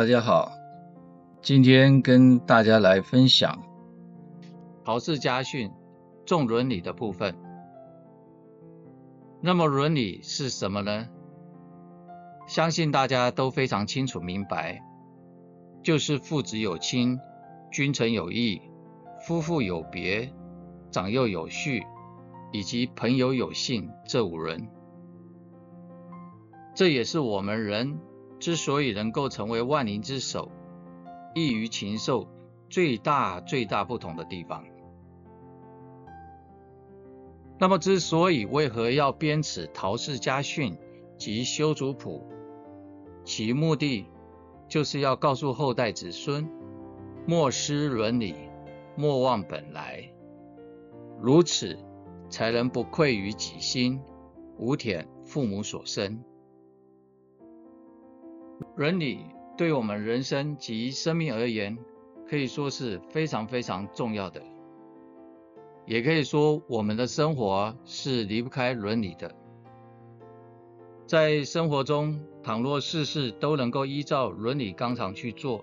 大家好，今天跟大家來分享《陶氏家訓》重倫理的部分。那麼倫理是什麼呢？相信大家都非常清楚明白，就是父子有親，君臣有義，夫婦有別，長幼有序，以及朋友有信，這五倫。這也是我們人之所以能夠成為萬靈之首，異於禽獸最大最大不同的地方。那麼，之所以為何要編此《陶氏家訓》及修族譜，其目的就是要告訴後代子孫：莫失倫理，莫忘本來，如此才能不愧於己心，無忝父母所生。倫理對我們人生及生命而言，可以說是非常非常重要的。也可以說，我們的生活是離不開倫理的。在生活中，倘若事事都能夠依照倫理綱常去做，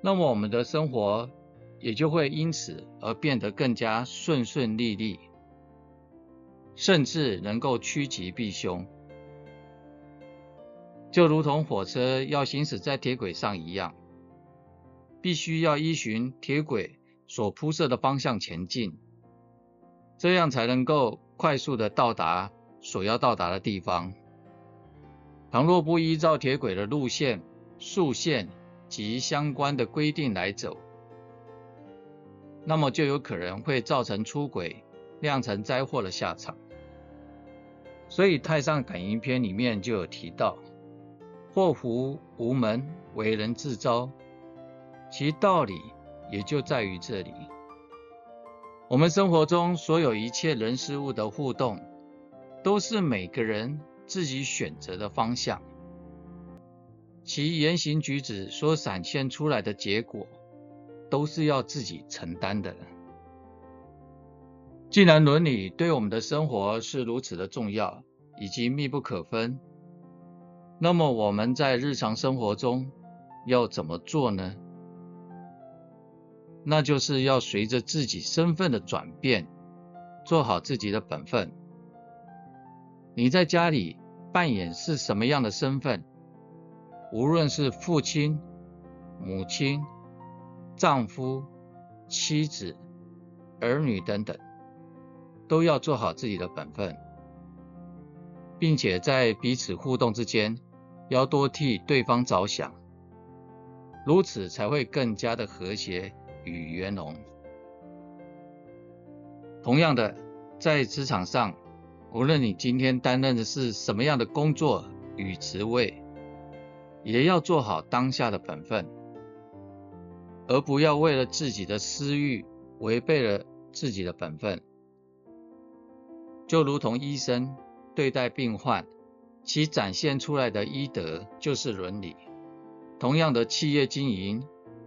那麼我們的生活也就會因此而變得更加順順利利，甚至能夠趨吉避凶。就如同火車要行駛在鐵軌上一樣，必須要依循鐵軌所鋪設的方向前進，這樣才能夠快速的到達所要到達的地方。倘若不依照鐵軌的路線、速限及相關的規定來走，那麼就有可能會造成出軌、釀成災禍的下場。所以《太上感應篇》裡面就有提到。禍福無門，惟人自招。其道理也就在於這裡。我們生活中所有一切人事物的互動，都是每個人自己選擇的方向，其言行舉止所閃現出來的結果，都是要自己承擔的。既然倫理對我們的生活是如此的重要，以及密不可分。那麼我們在日常生活中要怎麼做呢？那就是要隨着自己身份的轉變，做好自己的本分。你在家裡扮演是什麼樣的身份？無論是父親、母親、丈夫、妻子、兒女等等，都要做好自己的本分，並且在彼此互動之間。要多替對方着想，如此才會更加的和諧與圓融。同樣的，在職場上，無論你今天擔任的是什麼樣的工作與職位，也要做好當下的本分，而不要為了自己的私欲違背了自己的本分。就如同醫生對待病患。其展現出來的醫德就是倫理。同樣的，企業經營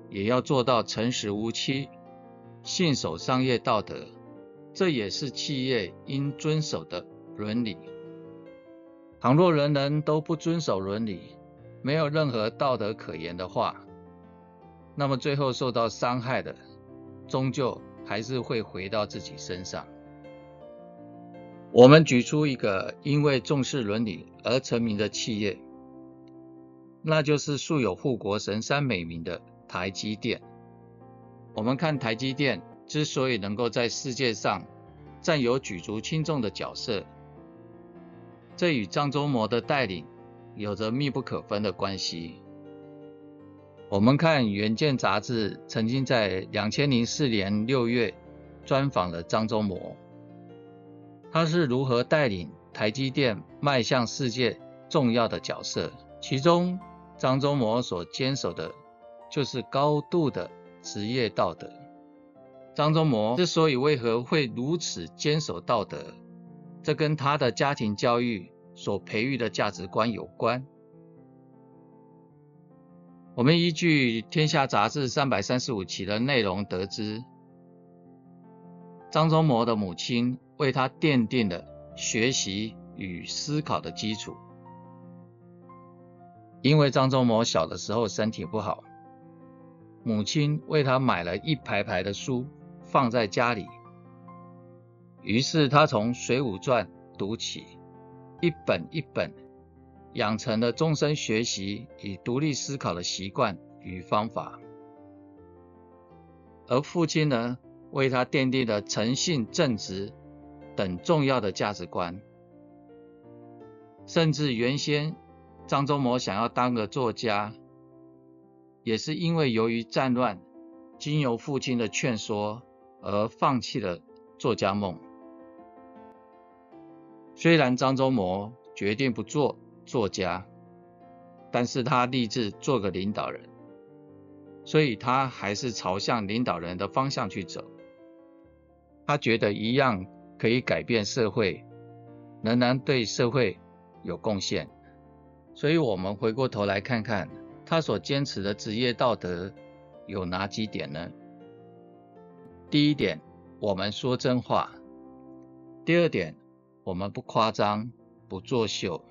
也要做到誠實無欺，信守商業道德，這也是企業應遵守的倫理。倘若人人都不遵守倫理，沒有任何道德可言的話，那麼最後受到傷害的，終究還是會回到自己身上。我們舉出一個因為重視倫理而成名的企業，那就是素有“護國神山”美名的台積電。我們看台積電之所以能夠在世界上占有舉足輕重的角色，這與張忠謀的帶領有着密不可分的關係。我們看《遠見》雜誌曾經在2004年6月專訪了張忠謀。他是如何帶領台積電邁向世界重要的角色？其中，張忠謀所堅守的就是高度的職業道德。張忠謀之所以為何會如此堅守道德，這跟他的家庭教育所培育的價值觀有關。我們依據《天下雜誌》三百三十五期的內容得知，張忠謀的母親。為他奠定了學習與思考的基礎。因為張忠謀小的時候身體不好，母親為他買了一排排的書放在家裡，於是他從《水滸傳》讀起，一本一本，養成了終身學習與獨立思考的習慣與方法。而父親呢，為他奠定了誠信正直。等重要的價值觀，甚至原先張忠謀想要當個作家，也是因為由於戰亂，經由父親的勸說而放棄了作家夢。雖然張忠謀決定不做作家，但是他立志做個領導人，所以他還是朝向領導人的方向去走。他覺得一樣。可以改變社會，仍然對社會有貢獻。所以，我們回過頭來看看他所堅持的職業道德有哪幾點呢？第一點，我們說真話；第二點，我們不誇張、不作秀；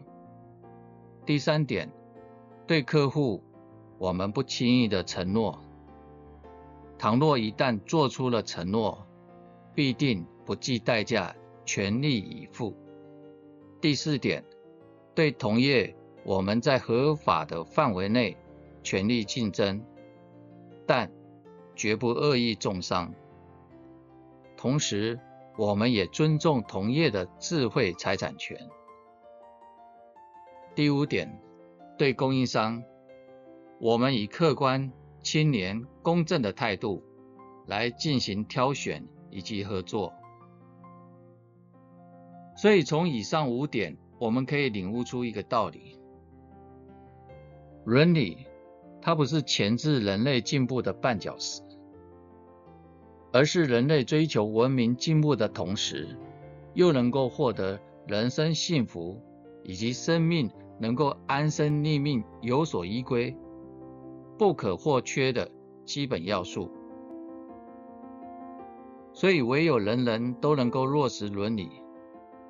第三點，對客戶我們不輕易的承諾。倘若一旦做出了承諾，必定。不計代價，全力以赴。第四點，對同業，我們在合法的範圍內全力競爭，但絕不惡意中傷。同時，我們也尊重同業的智慧財產權。第五點，對供應商，我們以客觀、清廉、公正的態度來進行挑選以及合作。所以從以上五點，我們可以領悟出一個道理：倫理，它不是鉗制人類進步的絆腳石，而是人類追求文明進步的同時，又能夠獲得人生幸福以及生命能夠安身立命、有所依歸不可或缺的基本要素。所以，唯有人人都能夠落實倫理。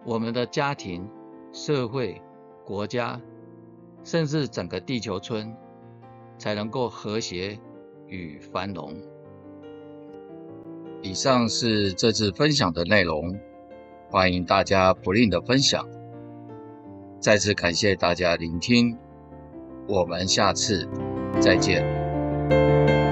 我們的家庭、社會、國家，甚至整個地球村，才能夠和諧與繁榮。以上是這次分享的內容，歡迎大家不吝的分享。再次感謝大家聆聽，我們下次再見。